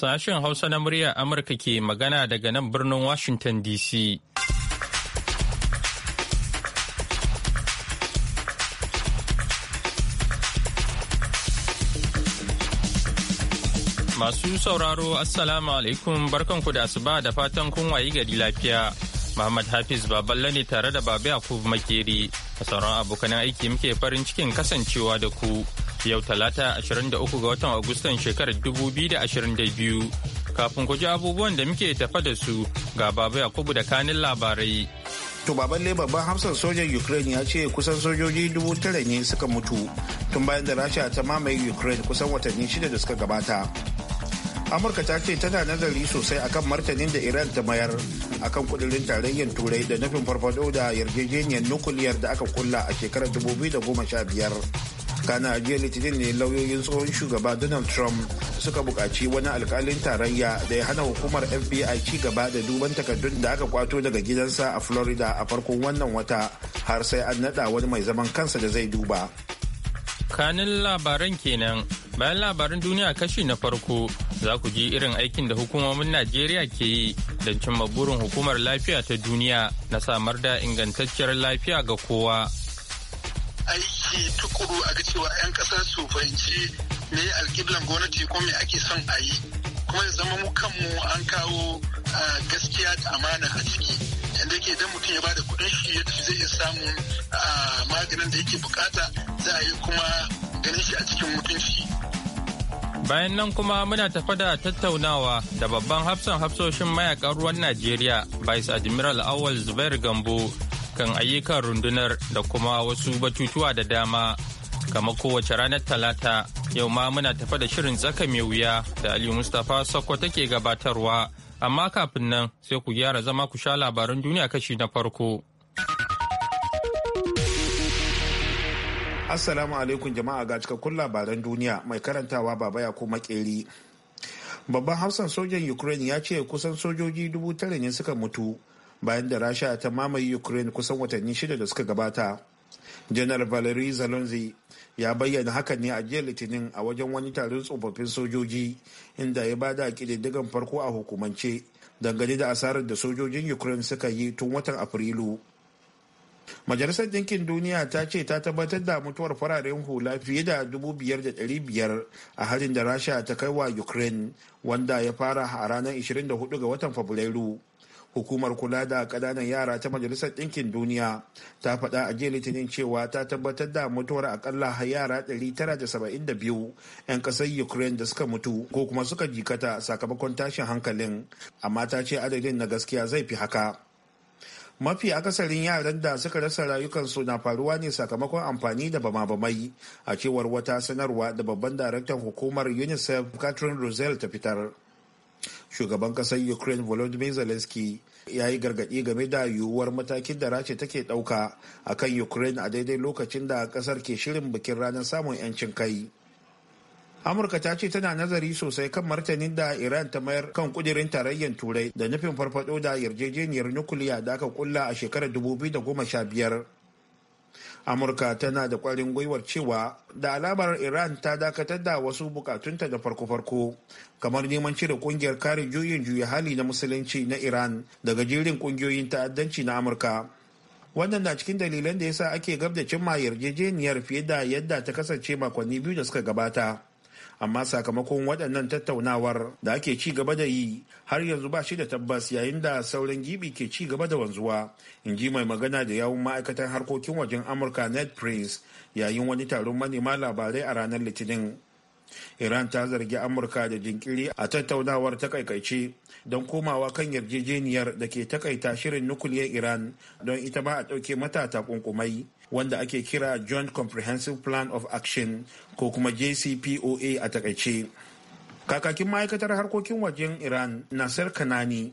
Sashen Hausa na murya Amurka ke magana daga nan birnin Washington DC. Masu sauraro Assalamu alaikum barkanku da asuba da fatan kun wayi gari lafiya. Muhammad Hafiz Baballe ne tare da Babi Yakub Makeri. A sauran abokan aiki muke farin cikin kasancewa da ku. yau talata 23 ga watan agustan shekarar 2022 kafin ku ji abubuwan da muke tafa da su ga baba yakubu da kanin labarai to baban babban hafsan sojan ukraine ya ce kusan sojoji dubu tara ne suka mutu tun bayan da rasha ta mamaye ukraine kusan watanni shida da suka gabata amurka ta ce tana nazari sosai akan martanin da iran ta mayar akan kudirin tarayyar turai da nufin farfado da yarjejeniyar nukuliyar da aka kulla a shekarar 2015 kana a jiya litinin ne lauyoyin tsohon shugaba donald trump suka bukaci wani alkalin tarayya da ya hana hukumar fbi ci gaba da duban takardun da aka kwato daga gidansa a florida a farkon wannan wata har sai an naɗa wani mai zaman kansa da zai duba kanin labaran kenan bayan labaran duniya kashi na farko za ku ji irin aikin da hukumomin najeriya ke yi don cimma burin hukumar lafiya ta duniya na samar da ingantacciyar lafiya ga kowa aiki tukuru a ga cewa 'yan ƙasa su fahimci me alƙiblan gwamnati ko me ake son a yi kuma ya zama mu kanmu an kawo gaskiya da amana a ciki yadda ke idan mutum ya bada kuɗin shi yadda zai iya samu maganin da yake bukata za a yi kuma ganin shi a cikin mutunci. bayan nan kuma muna tafa da tattaunawa da babban hafsan hafsoshin mayakan ruwan najeriya vice admiral awal zubair gambo kan ayyukan rundunar da kuma wasu batutuwa da dama kamar kowace ranar talata yau ma muna tafa da shirin tsaka mai wuya da aliyu mustapha sokko take gabatarwa amma kafin nan sai ku gyara zama ku sha labaran duniya kashi na farko assalamu alaikum jama'a ga cikakkun labaran duniya mai karantawa baba ya kuma makeri babban hausan sojan ukraine ya ce kusan sojoji dubu tara ne suka mutu bayan da rasha ta mamaye ukraine kusan watanni shida da suka gabata janar valery zelensky ya bayyana hakan ne a jiya litinin a wajen wani taron tsofaffin sojoji inda ya bada kididdigan farko a hukumance dangane da asarar da sojojin ukraine suka yi tun watan afrilu majalisar ɗinkin duniya ta ce ta tabbatar da mutuwar fararen hula fiye da 5,500 a harin da rasha ta kai wa ukraine wanda ya fara a ranar 24 ga watan fabrairu hukumar kula da ƙananan yara ta majalisar ɗinkin duniya ta faɗa a jiya litinin cewa ta tabbatar da mutuwar akalla yara 972 'yan ƙasar ukraine da suka mutu ko kuma suka jikata sakamakon tashin hankalin amma ta ce adadin na gaskiya zai fi haka mafi akasarin yaran da suka rasa rayukansu na faruwa ne sakamakon amfani da bama-bamai a cewar wata sanarwa da babban daraktan hukumar unicef catherine rosel ta fitar shugaban kasar ukraine volodymyr zelensky ya yi gargaɗi game da yiwuwar matakin da race take ɗauka a kan ukraine a daidai lokacin da kasar ke shirin bikin ranar samun 'yancin kai amurka ta ce tana nazari sosai kan martanin da iran ta mayar kan kudirin tarayyar turai da nufin farfado da yarjejeniyar nukiliya da aka kulla a shekarar 2015 amurka tana da kwarin gwiwar cewa da alamar iran ta dakatar da wasu bukatunta da farko-farko kamar neman cire kungiyar kare juyin juya hali na musulunci na iran daga jerin kungiyoyin ta'addanci na amurka wannan na cikin dalilan da yasa ake gab da cimma yarjejeniyar fiye da yadda ta kasance makonni biyu da suka gabata amma sakamakon waɗannan tattaunawar da ake ci gaba da yi har yanzu ba shi da tabbas yayin da sauran gibi ke ci gaba da wanzuwa in ji mai magana da yawun ma'aikatan harkokin wajen amurka ned prince yayin wani taron manema labarai a ranar litinin iran ta zargi amurka da jinkiri a tattaunawar ta kaikaice don komawa kan yarjejeniyar da ke takaita shirin nukuliyar iran don ita ba a ɗauke mata takunkumai wanda ake kira joint comprehensive plan of action ko kuma jcpoa a takaice kakakin ma'aikatar harkokin wajen iran nasir kanani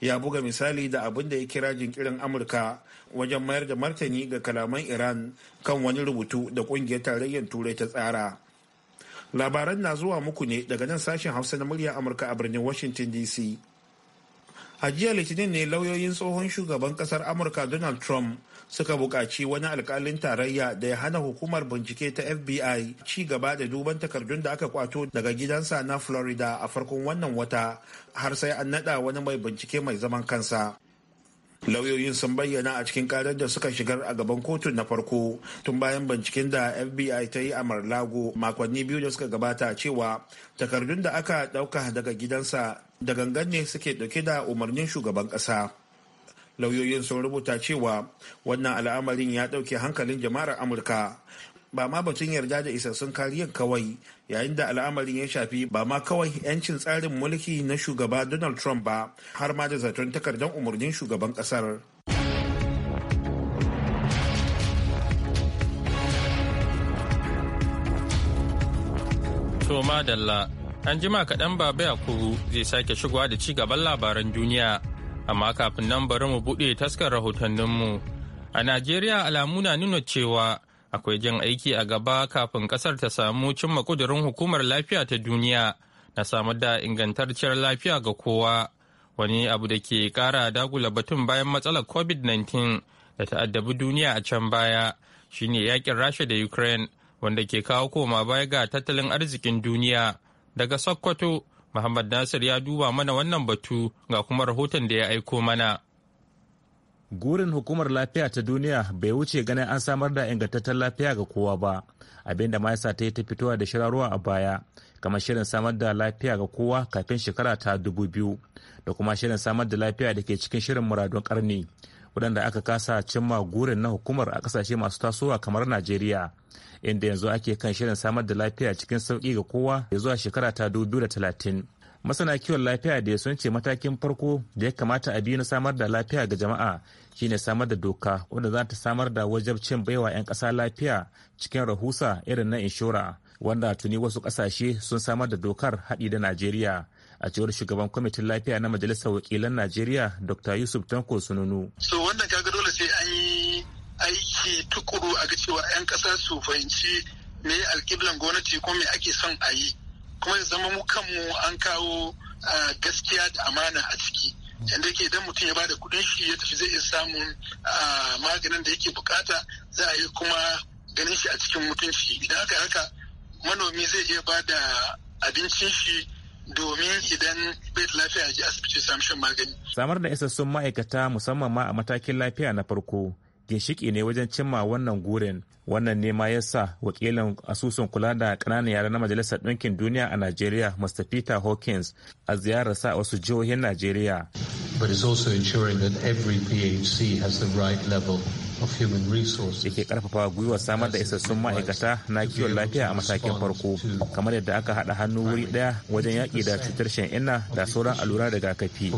ya buga misali da abin da ya kira jinkirin amurka wajen mayar da martani ga kalaman iran kan wani rubutu da kungiyar tarayyar turai ta tsara labaran na zuwa muku ne daga nan sashen hausa na murya amurka a birnin washington dc a jiya litinin ne lauyoyin tsohon shugaban kasar amurka donald trump suka buƙaci wani alkalin tarayya da ya hana hukumar bincike ta fbi ci gaba da duban takardun da aka kwato daga gidansa na florida a farkon wannan wata har sai an naɗa wani mai bincike mai zaman kansa lauyoyin sun bayyana a cikin karar da suka shigar a gaban kotu na farko tun bayan binciken da fbi ta yi a marlago makonni biyu da suka gabata cewa takardun da aka ɗauka daga gidansa da gangan ne suke ɗauke da umarnin shugaban ƙasa lauyoyin sun rubuta cewa wannan al'amarin ya ɗauke hankalin jama'ar amurka ba ma batun yarda da isassun kariyar kawai yayin da al'amarin ya shafi ba ma kawai 'yancin tsarin mulki na shugaba donald trump ba har ma da zaton takardar umarnin shugaban kasar to madalla an jima kaɗan baba yakubu zai sake shigowa da ci gaban labaran duniya Amma kafin nan bari mu buɗe taskar rahotanninmu. A Najeriya alamu na nuna cewa akwai jan aiki a gaba kafin ƙasar ta samu cimma ƙudurin hukumar lafiya ta duniya na samar da ingantacciyar lafiya ga kowa. Wani abu da ke kara dagula batun bayan matsalar COVID-19 da ta'addabi duniya a can baya shine yakin Rasha da Ukraine wanda ke kawo koma baya ga tattalin arzikin duniya. Daga Sokoto Muhammad Nasir ya duba mana wannan batu ga kuma rahoton da ya aiko mana. Gurin hukumar lafiya ta duniya bai wuce ganin an samar da ingantaccen lafiya ga kowa ba, abinda ma ta yi ta fitowa da shirarwa a baya, kamar shirin samar da lafiya ga kowa kafin shekara ta dubu biyu da kuma shirin samar da lafiya da ke cikin shirin muradun karni. waɗanda aka kasa cimma gurin na hukumar a ƙasashe masu tasowa kamar najeriya inda yanzu ake kan shirin samar da lafiya cikin sauƙi ga kowa ya zuwa shekara ta talatin. masana kiwon lafiya da sun ce matakin farko da ya kamata a biyu na samar da lafiya ga jama'a shine samar da doka wadda za ta samar da wajabcin baiwa 'yan ƙasa lafiya cikin rahusa irin na inshora wanda tuni wasu ƙasashe sun samar da dokar haɗi da najeriya a cewar shugaban kwamitin lafiya na majalisar wakilan najeriya dr yusuf tanko sununu so wannan kaga dole sai an yi aiki tukuru a ga cewa 'yan ƙasa su fahimci me alƙiblan gwamnati ko me ake son a yi kuma ya zama mu kanmu an kawo gaskiya da amana a ciki yadda ke idan mutum ya ba da kuɗin shi ya tafi zai iya samun maganin da yake bukata za a yi kuma ganin shi a cikin mutunci idan aka haka manomi zai iya ba da abincin shi domin idan bai lafiya ji asibiti samu magani. Samar da isassun ma'aikata musamman ma a matakin lafiya na farko ginshiƙi ne wajen cimma wannan gurin wannan ne ma yasa wakilin asusun kula da ƙananan yara na majalisar ɗinkin duniya a najeriya mr peter hawkins a ziyarar sa wasu jihohin najeriya but it's also ensuring that every phc has the right level da ke karfafa gwiwar samar da isassun ma'aikata na kiwon lafiya a matakin farko kamar yadda aka haɗa hannu wuri ɗaya wajen yaƙi da cutar shan'inna da sauran da rigakafi.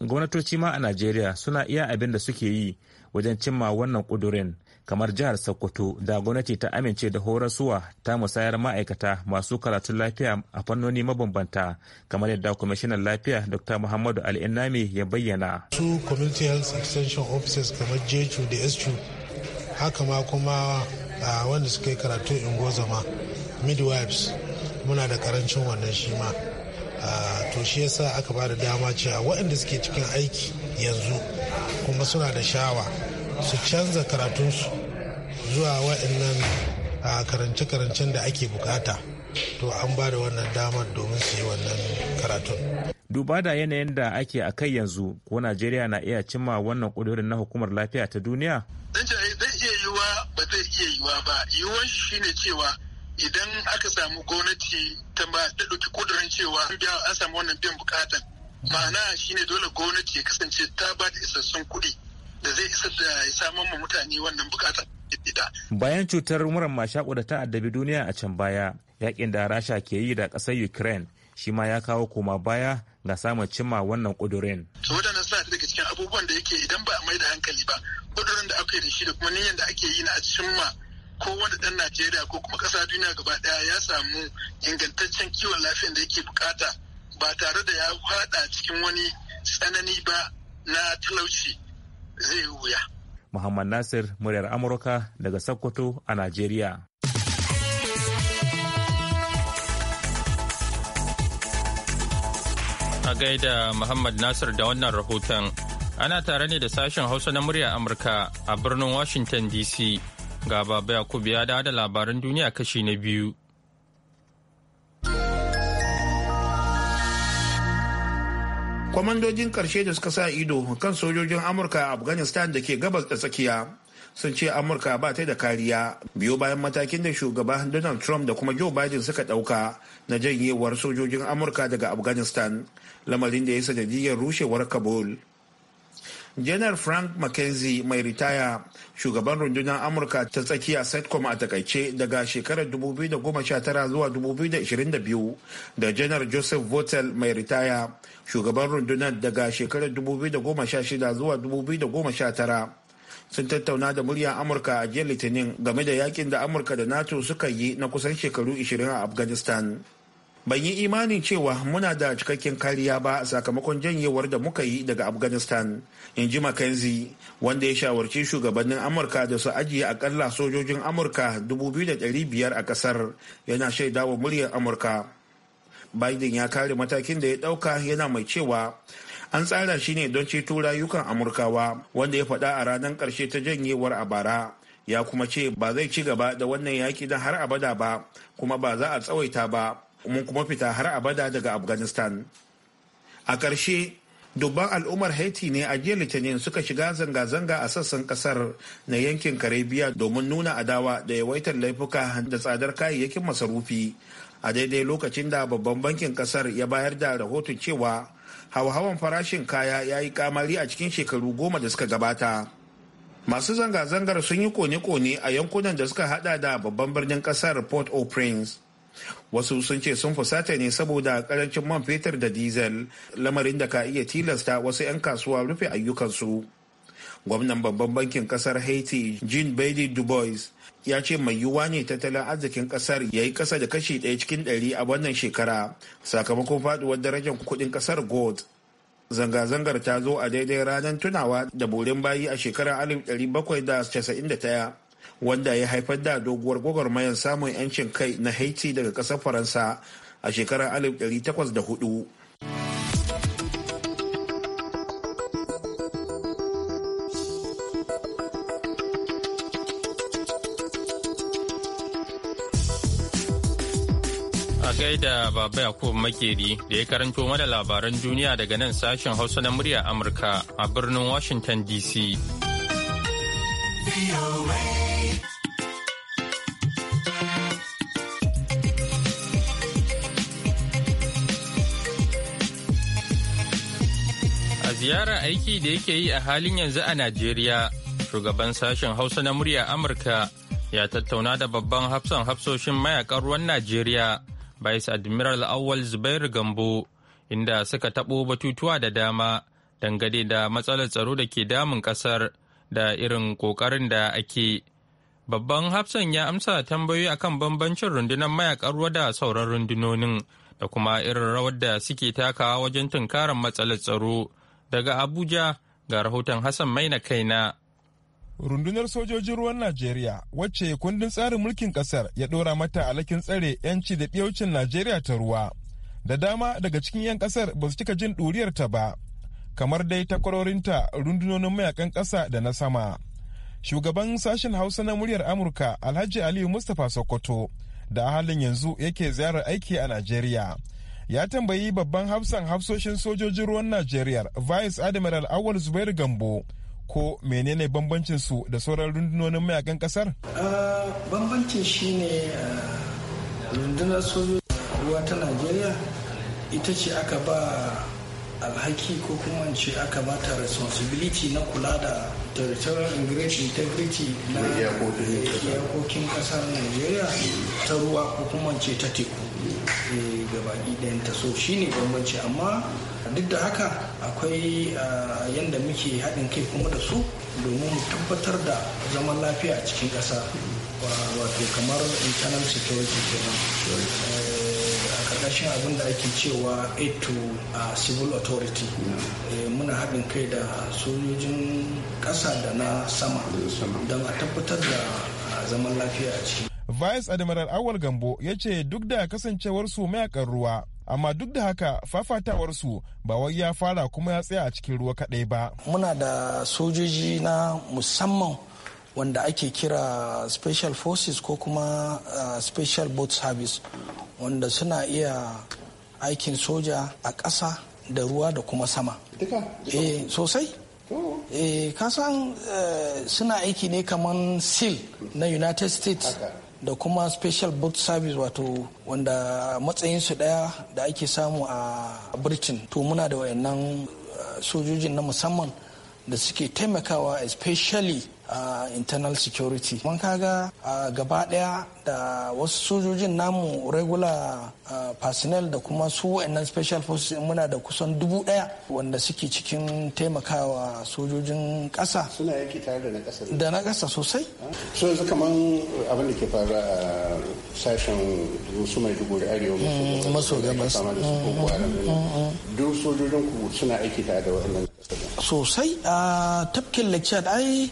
Gwamnatoci ma a Najeriya suna iya abin da suke yi wajen cimma wannan ƙudurin kamar jihar Sokoto da gwamnati ta amince da horasuwa ta musayar ma'aikata masu karatun lafiya a fannoni mabambanta kamar yadda kwamishinan lafiya Dr. Muhammadu Al'inami ya bayyana. Su community health extension officers kamar jeju da SU haka ma kuma wanda suka yi karatu gozama midwives muna da karancin wannan shi ma. to shi yasa aka ba da dama cewa waɗanda suke cikin aiki yanzu kuma suna da shawa su canza karatunsu zuwa waɗannan a karance-karancen da ake bukata to an ba da wannan damar domin su yi wannan karatun. Duba da yanayin da ake a kai yanzu ko Najeriya na iya cimma wannan kudurin na hukumar lafiya ta duniya? Zai iya ba zai iya ba. cewa idan aka samu gwamnati ta ba ta ɗauki kudurin cewa an samu wannan biyan bukatan. Ma'ana shine dole gwamnati ya kasance ta ba da isassun kuɗi. da zai isar da ya samun ma mutane wannan bukatar ita. Bayan cutar muran masha da ta addabi duniya a can baya, yakin da Rasha ke yi da ƙasar Ukraine shi ma ya kawo koma baya ga samun cimma wannan ƙudurin. wadannan sa daga cikin abubuwan da yake idan ba a mai da hankali ba, ƙudurin da aka yi da shi da kuma niyyar da ake yi na a cimma kowane dan Najeriya ko kuma ƙasa duniya gaba ɗaya ya samu ingantaccen kiwon lafiyan da yake bukata ba tare da ya faɗa cikin wani tsanani ba na talauci. zai yi wuya. Muhammad Nasir muryar Amurka daga Sokoto a Najeriya. A gaida Muhammad Nasir da wannan rahoton ana tare ne da sashen Hausa na muryar Amurka a birnin Washington DC. Ga Baba Yakubu ya da labaran duniya kashi na biyu. kwamandojin ƙarshe da suka sa ido kan sojojin amurka a afghanistan da ke gabas da tsakiya sun ce amurka ba ta da kariya biyo bayan matakin da shugaba donald trump da kuma joe biden suka dauka na janyewar sojojin amurka daga afghanistan lamarin da ya sanadiyar rushewar kabul janar frank mckenzie mai ritaya shugaban rundunar amurka ta tsakiya setcom a takaice daga shekarar 2019 zuwa 2022 da janar joseph votel mai ritaya shugaban rundunar daga shekarar 2016 zuwa 2019 sun tattauna da muryar amurka a jiya litinin game da yakin da amurka da nato suka yi na kusan shekaru 20 a afghanistan ban yi imanin cewa muna da cikakken kariya ba a sakamakon janyewar da muka yi daga afghanistan in ji makanzi wanda ya shawarci shugabannin amurka da su ajiye akalla sojojin amurka 2,500 a kasar yana shaidawa muryar amurka biden ya kare matakin da ya dauka yana mai cewa an tsara shi ne don ceto rayukan amurkawa wanda ya faɗa a ranar karshe ta janyewar a bara ya kuma ce ba zai ci gaba da wannan yaki don har abada ba kuma ba za a tsawaita ba mun kuma fita har abada daga afghanistan a ƙarshe dubban al'ummar haiti ne a jiya litinin suka shiga zanga-zanga a sassan kasar na yankin karibiya domin nuna adawa da yawaitar laifuka da tsadar kayayyakin masarufi a daidai lokacin da babban bankin kasar ya bayar da rahoton cewa hauhawan farashin kaya ya yi kamari a cikin shekaru goma da suka gabata masu zanga-zangar sun yi kone-kone a yankunan da suka hada da babban birnin kasar port au prince wasu sun ce sun fusata ne saboda karancin man fetur da diesel lamarin da ka iya tilasta wasu 'yan kasuwa rufe ayyukansu gwamnan babban bankin kasar haiti jean bailey dubois ya ce mai yiwuwa ne tattalin arzikin kasar ya yi kasa da kashi ɗaya cikin ɗari a wannan shekara sakamakon faduwar darajar kuɗin kasar gold zanga-zangar ta zo a daidai ranar tunawa da borin bayi a shekarar 1791 wanda ya haifar da doguwar gwagwarmayar samun 'yancin kai na haiti daga ƙasar faransa a shekarar 1804 da Baba Yakubu Makeri da ya karanto mana labaran duniya daga nan sashen Hausa na murya Amurka a birnin Washington DC. A ziyara aiki da yake yi a halin yanzu a Najeriya, shugaban sashen Hausa na murya Amurka ya tattauna da babban hafsan hafsoshin mayakan ruwan Najeriya. Vice Admiral Awal Zubair Gambo inda suka taɓo batutuwa da dama dangane da matsalar tsaro da ke damun ƙasar da irin ƙoƙarin da ake. Babban hafsan ya amsa tambayoyi akan bambancin rundunar mayakan ruwa da sauran rundunonin da kuma irin rawar da suke takawa wajen tunkarar matsalar tsaro. Daga Abuja ga rahoton Hassan Maina kaina. rundunar sojojin ruwan najeriya wacce kundin tsarin mulkin kasar ya ɗora mata alakin tsare 'yanci da biyaucin najeriya ta ruwa da dama daga cikin 'yan kasar ba su cika jin ɗuriyar ta ba kamar dai takwarorinta rundunonin mayakan ƙasa da na sama shugaban sashen hausa na muryar amurka alhaji aliyu mustapha sokoto da a halin yanzu yake ziyarar aiki a najeriya ya tambayi babban hafsan hafsoshin sojojin ruwan najeriya vice admiral awal zubairu gambo ko menene bambancin su da sauran rundunonin mayakan kasar? Ah, bambancin shine ah, rundunar sojoji ruwa ta najeriya ita ce aka ba alhaki ko kuma ce aka ba ta responsibility na kula da territorial integrity na iyakokin kasar najeriya ta ruwa ko kuma ce ta teku eh, gabaki ɗayanta so ne bambanci amma duk da haka akwai yadda muke haɗin kai kuma da su domin mu tabbatar da zaman lafiya a cikin ƙasa wato kamar internal security kenan eh, ƙarƙashin abin da ake cewa aid to civil authority eh, muna haɗin kai da sojojin ƙasa da na sama don a tabbatar da zaman lafiya a cikin. vice admiral awal gambo ya ce duk da kasancewarsu mayakan ruwa amma duk da haka fafatawarsu ba wai ya fara kuma ya tsaya a cikin ruwa kaɗai ba muna da sojoji na musamman wanda ake kira special forces ko kuma uh, special boat service wanda suna iya aikin soja a ƙasa da ruwa da kuma sama eh, sosai oh. eh kasan uh, suna aiki ne kamar seal na united states okay. da kuma special boat service wato wanda matsayinsu daya da ake samu a britain to muna da wayannan eh, sojojin na musamman da suke taimakawa especially uh, internal security mun kaga uh, gaba daya da wasu sojojin namu regular uh, personnel da kuma su wa'annan special forces muna da kusan dubu daya wanda suke cikin taimakawa sojojin kasa suna yaki tare da na kasa da na kasa sosai so yanzu kaman abin da ke fara a sashen su mai dubu arewa maso mm, gabas mm, mm, duk sojojin ku suna aiki tare da wa'annan sosai a tafkin lecture ai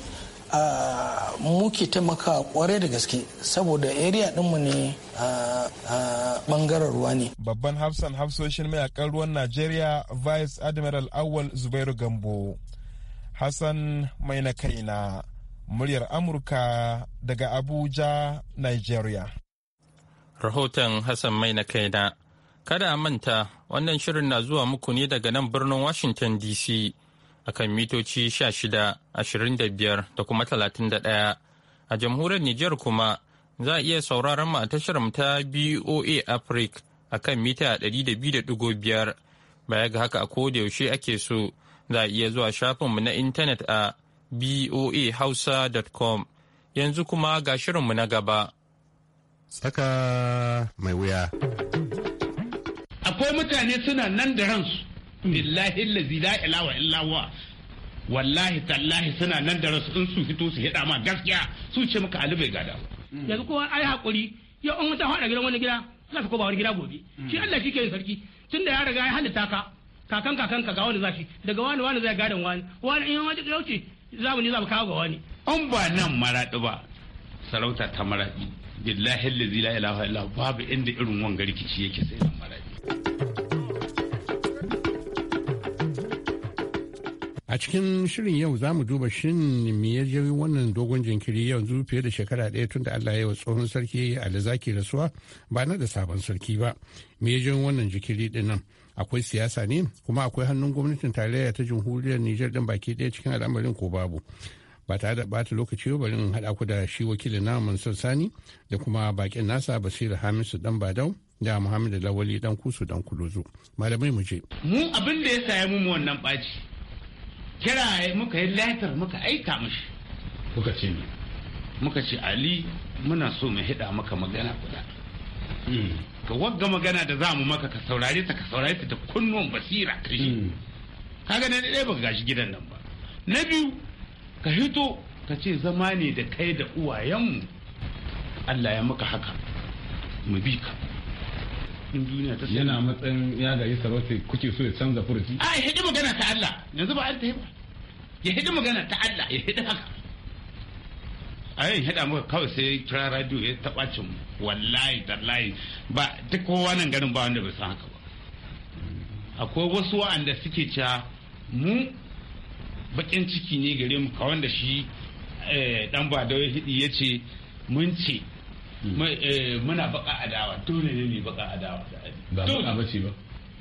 muke taimaka kwarai da gaske saboda area dinmu ne bangaren ruwa ne. Babban hafsan hafsoshin mayakan ruwan Najeriya Vice Admiral Awal Zubairu Gambo. Hassan mai na kaina muryar Amurka daga Abuja, Nigeria. Rahoton Hassan mai na kaina. Kada manta wannan shirin na zuwa muku ne daga nan birnin Washington DC. akan mitoci 16,25 da kuma 31. A jamhuriyar Nijar kuma za a iya sauraron mu a tashar mu ta BOA Africa akan mita 200.5. Baya ga haka a koda yaushe ake so za a iya zuwa shafin mu na intanet a boahausa.com. Yanzu kuma ga shirinmu na gaba. saka mai wuya. Akwai mutane suna nan da ransu. billahi allazi la ilaha illa huwa wallahi tallahi suna nan da rasu in su fito su hida ma gaskiya su ce maka Ali bai gada yanzu kowa ai hakuri ya an mutan hada gidan wani gida za su ko wani gida gobe mm. shi Allah shi ke yin sarki tunda ya riga ya halitta ka kakan kakan ka ga wani zashi daga wani wani zai gadan wani wani in wani dauce za mu ni za mu kawo ga wani an ba nan maradi ba sarauta ta maradi billahi allazi la ilaha illa babu inda irin wangar rikici yake sai nan maradi A cikin shirin yau za mu duba shin me ya jawo wannan dogon jinkiri yanzu fiye da shekara ɗaya tun da Allah ya wa tsohon sarki Alizaki rasuwa ba na da sabon sarki ba. Me ya jawo wannan jinkiri ɗin nan? Akwai siyasa ne kuma akwai hannun gwamnatin tarayya ta jamhuriyar Nijar ɗin baki ɗaya cikin al'amarin ko babu. Ba tare da ɓata lokaci ba bari in haɗa ku da shi wakilin na Mansur Sani da kuma bakin nasa Basiru Hamisu Dan Badau da Muhammadu Lawali Dan Kusu Dan Kuluzu. Malamai mu je. Mu abin da ya saya mu wannan ɓaci. kira muka yi letter muka aika mashi kuka ce ni muka ce ali muna so mu hida maka magana guda ka mm. wagga magana da za mu maka ka saurare ta ka saurare ta da kunnuwan basira ka mm. kaga na ɗaya baka gashi gidan nan ba na biyu ka hito ka ce zama ne da kai da uwayenmu Allah ya maka haka mu bi ka duniya ta yana matsayin ya gayi sarauta kuke so ya canza furuci a ya hidi magana ta Allah yanzu ba an ta ba ya hidi magana ta Allah ya hidi haka a yin hida muka kawai sai kira radio ya taɓa cin wallahi tallahi ba duk kowa nan ganin ba wanda bai san haka ba akwai wasu wa'anda suke cewa mu bakin ciki ne gare mu ka wanda shi dan eh, ba da hidi ya ce mun ce Mm. Eh, muna baka adawa dole ne ne baka adawa da ali ba baka bace ba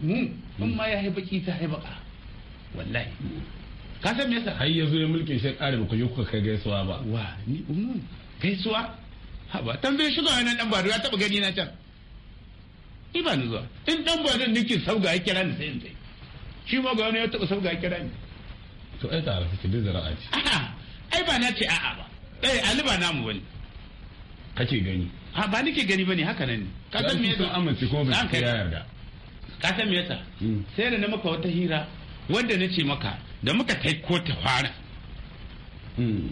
mu mm. in ma ya yi haibaki ta haibaka wallahi mm. ka san me yasa har yanzu ya mulkin shi kare ba ku je kuka kai gaisuwa ba wa ni umu gaisuwa ha ba tambaye shi ga nan dan ba ya taba gani na can ni ba ni zuwa in dan ba nake sauga ya kira ni sai in sai shi ma ga wani ya taba sauga ya kira ni to ai tare kike da ra'ayi a'a ai ba na ce a'a ba eh ali ba namu bane kake gani ha ba nake gani bane haka nan ne ka san me yasa amince ko ba ka yarda ka san me yasa hmm. sai da na maka wata hira wanda nace maka da muka kai ko ta fara hmm.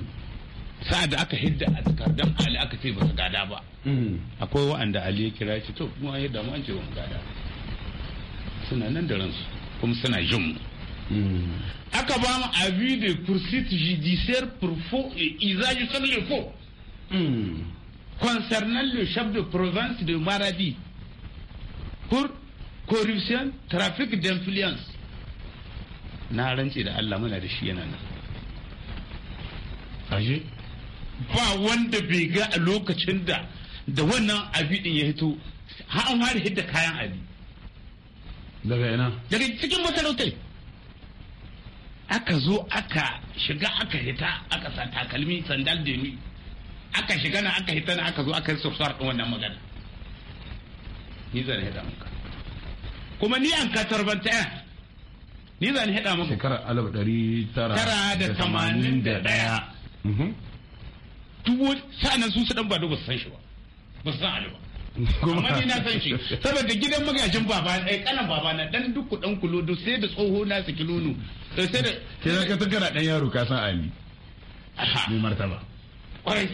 sa'ad da aka hidda a takardar ali aka ce ba su gada ba hmm. akwai wa'anda ali ya kira shi to mu an hidda mu an ce ba gada suna nan da ransu kuma suna jin mu aka ba mu abi de kursi judiciaire pour faux et usage sur le faux concernant le chef de province de Maradi pour corruption, trafic d'influence. Na rantse da Allah muna da shi yana nan. Aje? Ba wanda bai ga a lokacin da da wannan abin din ya hito har an hari hidda kayan abi. Daga ina? Daga cikin masarautar. Aka zo aka shiga aka hita aka sa takalmi sandal da ni. aka shiga na aka hita na aka zo aka yi sufsar ɗin wannan magana ni zan hida maka kuma ni an ka tarbanta yan ni zan hida maka shekarar alif ɗari tara da tamanin da ɗaya dubu sa'anan sun su ɗan ba dubu san shi ba ba su san ba amma ni na san shi saboda gidan magajin baba ɗaya ƙanan baba na ɗan duku ɗan kulo sai da tsoho na su nono sai da ke ka tukara ɗan yaro ka san ali mai martaba kwarai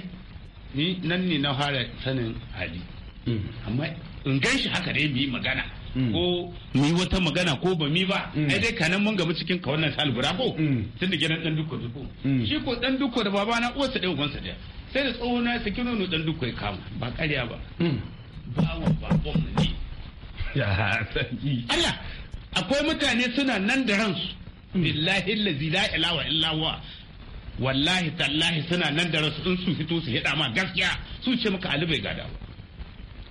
ni nan ne na fara sanin hali mm. amma in gan shi haka dai mu yi magana mm. ko mu yi wata magana ko ba mi ba mm. ai dai kanan mun gaba cikin ka wannan salbura ko tun da gidan dan dukko duko shi ko dan dukko da babana uwarsa ɗaya ubansa ɗaya sai da tsohon na saki nono dan dukko ya kama ba ƙarya ba ba babon mu ne ya sanki Allah akwai mutane suna nan da ransu billahi allazi la ilaha illa huwa wallahi tallahi suna nan da rasu in su fito su hida ma gaskiya su ce maka ali bai gada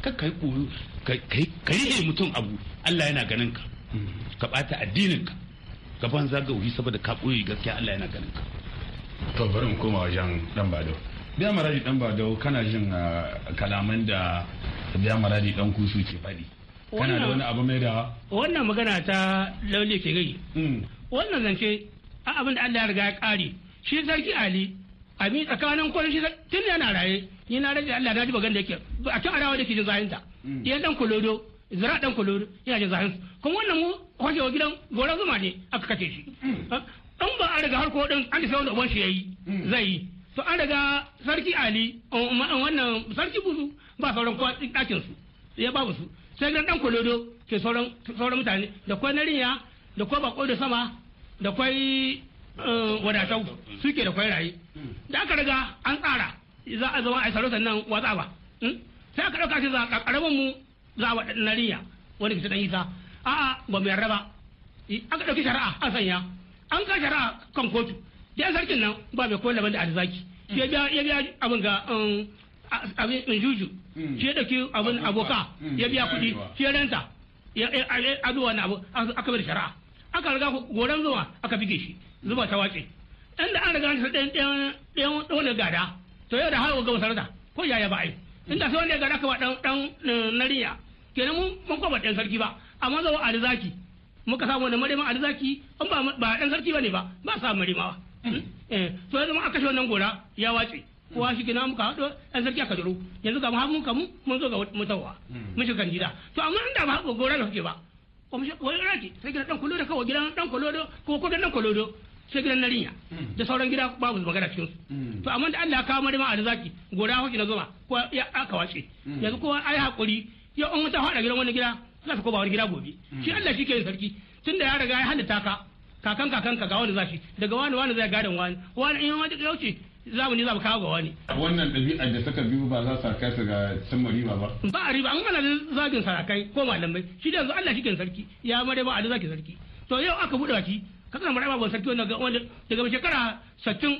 ka kai koyo kai kai mutum abu Allah yana ganin ka ka bata addinin ka ka ban zaga wuri saboda ka koyi gaskiya Allah yana ganin ka to bari mu koma wajen dan bado biya maradi dan bado kana jin ah, kalaman da biya maradi dan kusu ke faɗi kana da wani abu mai da wannan magana ta laule ke gai mm. wannan zance abin da Allah ya riga ya kare shi sarki ali mi tsakanin kwanan shi tun yana raye ni na rage Allah na ji bagan da yake a can arawa da ke jin zahin ta yan mm. dan kolodo zira dan kolodo yana jin zahin kuma wannan mu wa gidan gora zuma ne aka kace shi dan mm. ah, ba an riga harko din an sai wanda uban shi yayi mm. zai yi to an riga sarki ali um, um, um, wannan sarki buzu ba sauran kwatin dakin su ya babu su sai dan dan kolodo ke sauran sauran mutane da kwanarin ya da kwa bako da sama da kwai wadatau suke da kwairaye da aka riga an tsara za a zama a sarautar nan watsa ba sai aka ɗauka shi za a mu za a waɗa nariya wani kisa dan isa a'a ba mu yarda ba aka ɗauki shari'a an sanya an ka shari'a kan kotu da sarkin nan ba mai kowane ban da arzaki ya biya abin ga abin juju shi ya ɗauki abin aboka ya biya kuɗi shi ya renta ya aduwa na abu aka bar shari'a aka riga goren zuwa aka bige shi zuba ta wace dan da an riga shi ɗan ɗan ɗan gada to yau da har ga wasar da ko yaya ba ai inda sai wanda ya gada kama ɗan ɗan dan nariya kenan mun mun kwaba ɗan sarki ba amma zo arzaki muka samu wani marima a rizaki an ba ba ɗan sarki ba ne ba ba sa marima hmm. hmm? eh to yanzu mun aka shi wannan gora ya watsi kowa shi kenan muka haɗu ɗan sarki aka duru yanzu ga mu har kamu mun zo ga mutawa hmm. mun shiga gida to amma inda ba haɗu gora da suke ba wani raki sai gidan dan kolodo kawai gidan dan kolodo ko kudin dan kolodo sai gidan narinya mm. da sauran gida babu magana cikin su mm. to amma da Allah ya kawo marima a zaki gora hoki na zuma ko ya aka wace mm. yanzu kowa ai hakuri ya an wata hada gidan wani gida za ta koba wani gida gobe shi Allah shi ke yin sarki tunda ya riga ya halitta ka kakan kakan ka ga wani zashi daga wani wani zai gadan wani wani in wani ya wuce za mu ni za mu kawo ga wani wannan ɗabi'ar da saka biyu ba za su kai su ga cimma riba ba ba a riba an mana zagin sarakai ko malamai shi da yanzu Allah shi ke sarki ya mare ba a zaki sarki to yau aka bude baki ka kana maraba ban sarki wannan wanda daga shekara 60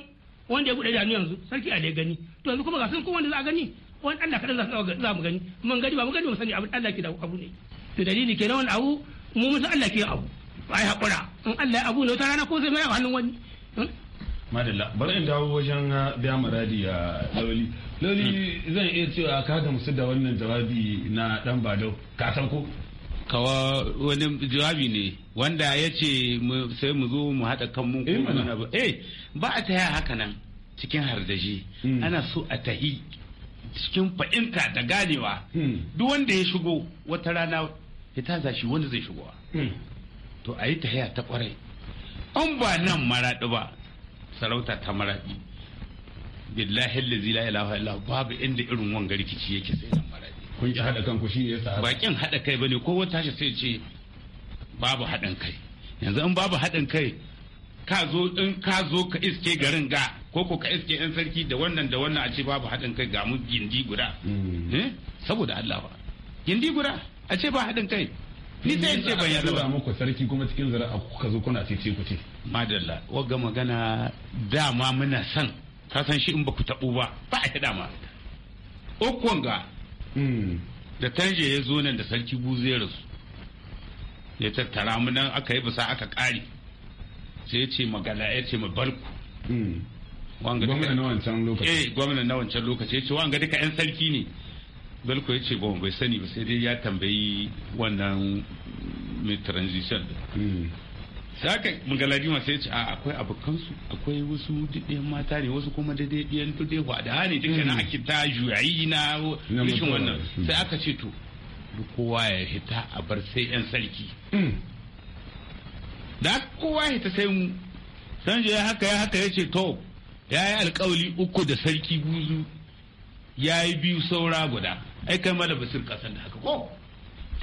wanda ya bude da yanzu sarki a da gani to yanzu kuma ga sun kuma wanda za a gani wani Allah kada za mu gani mun gani ba mun gani mu sani abin Allah ke da abu ne to dalili kenan wani abu mu mun san Allah ke abu ai hakura in Allah ya abu ne ta rana ko sai mai hannun wani hmm? madalla bari in dawo wajen ah, biya muradi ya ah, lauli lauli hmm. zan iya cewa ka gamsu da wannan jawabi na dan badau ka san ko kawa wani jawabi ne wanda ya ce sai mu zo mu haɗa kan eh, mu eh ba a taya haka nan cikin hardaji hmm. ana so a tahi cikin fahimta da ganewa hmm. duk wanda ya shigo wata rana ya taza shi wanda zai shigowa hmm. to a yi tahiya ta kwarai an ba nan maraɗi ba sarauta ta maraɗi billahi la ilaha illa babu inda irin wanga rikici yake sai nan maraɗi kun ki haɗa kanku shi ne yasa kin haɗa kai bane ko wata tashi sai ce babu haɗin kai yanzu in babu haɗin kai ka zo in ka zo ka iske garin ga ko ko ka iske yan sarki da wannan da wannan a ce babu haɗin kai ga mu gindi guda hmm. eh? saboda Allah ba gindi guda a ce ba haɗin kai ni sai ce ban yarda ba muku sarki kuma cikin zara kuka zo kuna cece ku ce madalla wagga magana dama muna san ka san shi in ba ku tabo ba ba a ta dama ukun ga Hmm. da tarje ya zo nan da sarki buzu ya rasu ya tattara mu nan aka yi bisa aka kare sai ya ce magala ya ce ma barku hmm. gwamna na wancan lokaci eh gwamna na wancan lokaci ya ce wanga duka yan sarki ne balko ya ce ba bai sani ba sai dai ya tambayi wannan mai transition sai aka magaladima sai ce a akwai abokansu akwai wasu didiyan mata ne wasu kuma to dai hwada ne duka na hmm. ake ta juyayi na rashin wannan hmm. sai aka ce to duk kowa ya hita a bar sai yan sarki hmm. da kowa ya hita sai mu sanje ya haka ya haka ya ce to ya yi alkawali uku da sarki buzu ya yi biyu saura guda ai kai ma da basir kasan da haka ko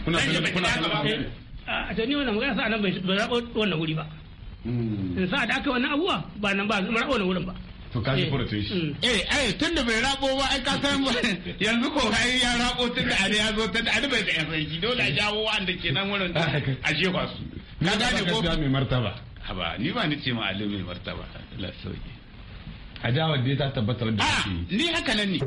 kuna kuna a to wannan magana sa nan bai rabo wannan wuri ba in hmm. sa da aka wannan abuwa ba nan ba rabo wannan wurin ba to ka eh. hmm. eh, eh, tunda bai rabo ba ai ka san yanzu ya rabo tunda ya zo tunda bai da dole a jawo wanda ke nan wurin a jefa su ka gane ko mai martaba haba ni ba ni ce ma alim mai martaba a da ta tabbatar da ah, shi ni haka nan ne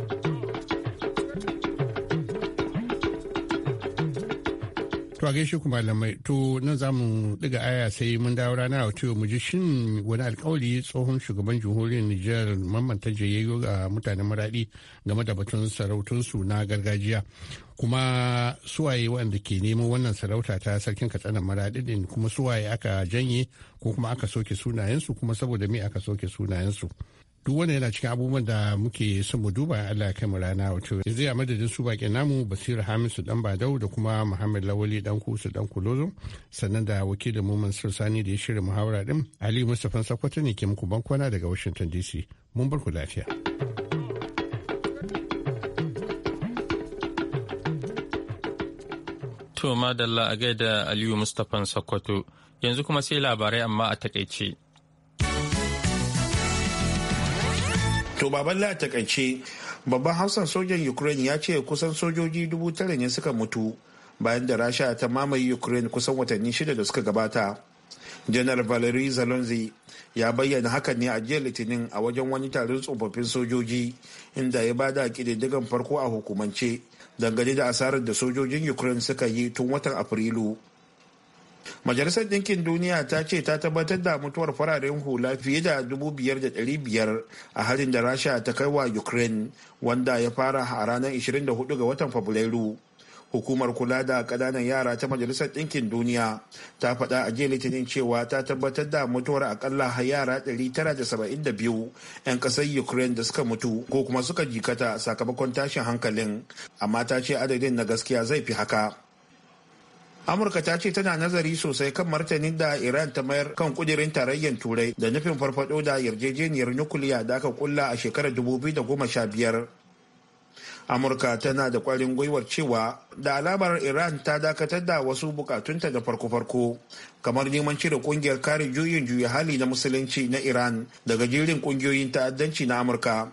To a gaishe ku malamai to nan za mu ɗiga aya sai mun dawo rana a cewa mu ji shin wani alkawari tsohon shugaban jamhuriyar Nijar Mamman ta yayo ga mutanen maraɗi game da batun su na gargajiya. Kuma suwaye waɗanda ke neman wannan sarauta ta sarkin Katsina maraɗi din kuma suwaye aka janye ko kuma aka soke sunayensu kuma saboda me aka soke sunayensu. duk wanda yana cikin abubuwan da muke son mu duba Allah kai mu rana wato yanzu a madadin su bakin namu Basiru Hamisu dan Badau da kuma Muhammad Lawali dan Kusu dan Kulozo sannan da wakilin mu Mansur Sani da ya shirya muhawara din Ali Mustafa Sakwato ne ke muku bankwana daga Washington DC mun bar ku lafiya To madalla a gaida Aliyu mustafan Sakwato yanzu kuma sai labarai amma a takaice. To baban la takaice babban hausan sojan Ukraine ya ce kusan sojoji dubu tara ne suka mutu bayan da Rasha ta mamaye Ukraine kusan watanni shida da suka gabata. Janar Valery zalonzi ya bayyana hakan ne a jiya Litinin a wajen wani taron tsofaffin sojoji inda ya bada kididdigan farko a hukumance dangane da asarar da sojojin Ukraine suka yi tun watan Afrilu. majalisar ɗinkin duniya ta ce ta tabbatar da mutuwar fararen hula fiye da 5,500 a harin da rasha ta kai wa ukraine wanda ya fara a ranar 24 ga watan fabrairu hukumar kula da ƙananan yara ta majalisar ɗinkin duniya ta faɗa a jiya litinin cewa ta tabbatar da mutuwar akalla yara 972 'yan ƙasar ukraine da suka mutu ko kuma suka jikata sakamakon tashin hankalin amma ta ce adadin na gaskiya zai fi haka amurka ta ce tana nazari sosai kan martanin da iran ta mayar kan kudirin tarayyar turai da nufin farfado da yarjejeniyar nukuliya da aka kulla a shekarar 2015 amurka tana da kwarin gwiwar cewa da alamar iran ta dakatar da wasu bukatunta da farko-farko kamar neman cire kungiyar kare juyin juya hali na musulunci na iran daga jirin kungiyoyin ta'addanci na amurka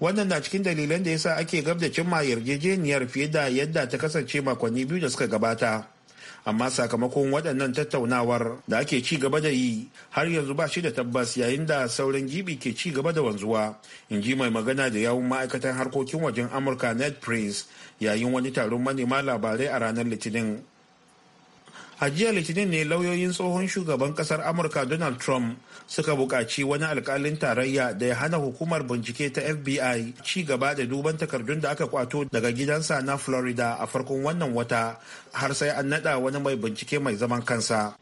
wannan na cikin dalilan da yasa ake gab da cimma yarjejeniyar fiye da yadda ta kasance makonni biyu da suka gabata amma sakamakon waɗannan tattaunawar da ake ci gaba da yi har yanzu ba shi da tabbas yayin da sauran gibi ke ci gaba da wanzuwa in ji mai magana da yawun ma'aikatan harkokin wajen amurka ned prince yayin wani taron manema labarai a ranar litinin a jiya litinin ne lauyoyin tsohon shugaban kasar amurka donald trump suka buƙaci wani alkalin tarayya da ya hana hukumar bincike ta fbi ci gaba da duban takardun da aka kwato daga gidansa na florida a farkon wannan wata har sai an naɗa wani mai bincike mai zaman kansa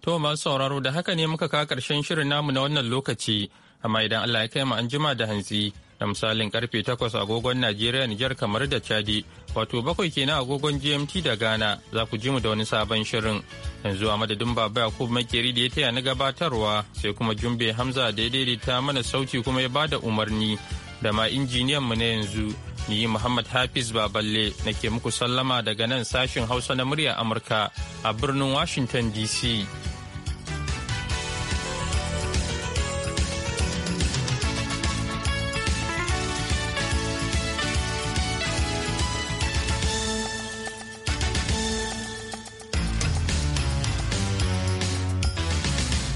to masu sauraro da haka ne muka kawo karshen shirin namu na wannan lokaci amma idan allah ya kai mu an jima da hantsi da misalin karfe 8 agogon Najeriya Nijar kamar da Chadi wato bakwai kenan agogon GMT da Ghana za ku ji mu da wani sabon shirin yanzu a madadin Baba Yakubu Makeri da ya taya na gabatarwa sai kuma Jumbe Hamza da ya daidaita mana sauti kuma ya bada umarni da ma injiniyan mu na yanzu ni Muhammad Hafiz Baballe nake muku sallama daga nan sashin Hausa na murya Amurka a birnin Washington DC.